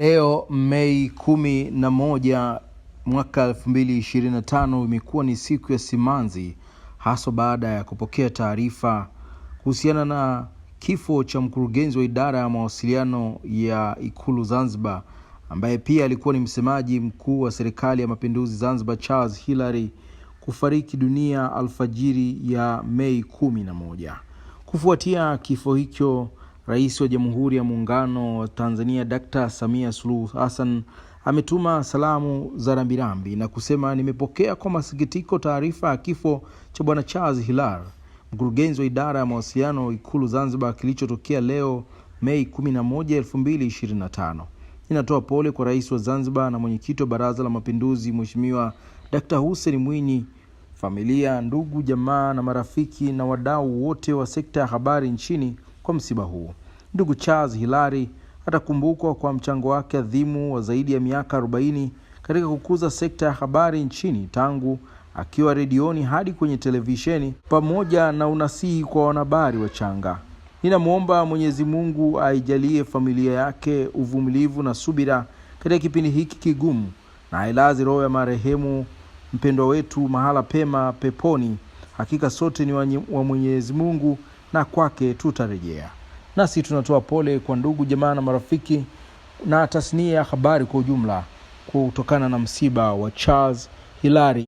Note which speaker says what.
Speaker 1: Leo Mei kumi na moja mwaka elfu mbili na imekuwa ni siku ya simanzi, haswa baada ya kupokea taarifa kuhusiana na kifo cha mkurugenzi wa idara ya mawasiliano ya Ikulu Zanzibar, ambaye pia alikuwa ni msemaji mkuu wa serikali ya mapinduzi Zanzibar, Charles Hilary kufariki dunia alfajiri ya Mei kumi na moja. Kufuatia kifo hicho Rais wa Jamhuri ya Muungano wa Tanzania Dkt. Samia Suluhu Hassan ametuma salamu za rambirambi na kusema, nimepokea kwa masikitiko taarifa ya kifo cha Bwana Charles Hilary, mkurugenzi wa idara ya mawasiliano Ikulu Zanzibar, kilichotokea leo Mei 11, 2025. Ninatoa pole kwa Rais wa Zanzibar na Mwenyekiti wa Baraza la Mapinduzi Mheshimiwa Dkt. Hussein Mwinyi, familia, ndugu, jamaa na marafiki na wadau wote wa sekta ya habari nchini kwa msiba huo. Ndugu Charles Hilary atakumbukwa kwa mchango wake adhimu wa zaidi ya miaka 40 katika kukuza sekta ya habari nchini tangu akiwa redioni hadi kwenye televisheni pamoja na unasihi kwa wanahabari changa Ninamwomba Mwenyezi Mungu aijalie familia yake uvumilivu na subira katika kipindi hiki kigumu, na ailaze roho ya marehemu mpendwa wetu mahala pema peponi. Hakika sote ni wa Mwenyezi Mungu na kwake tutarejea. Nasi tunatoa pole kwa ndugu jamaa na marafiki na tasnia ya habari kwa ujumla kutokana na msiba wa Charles hilari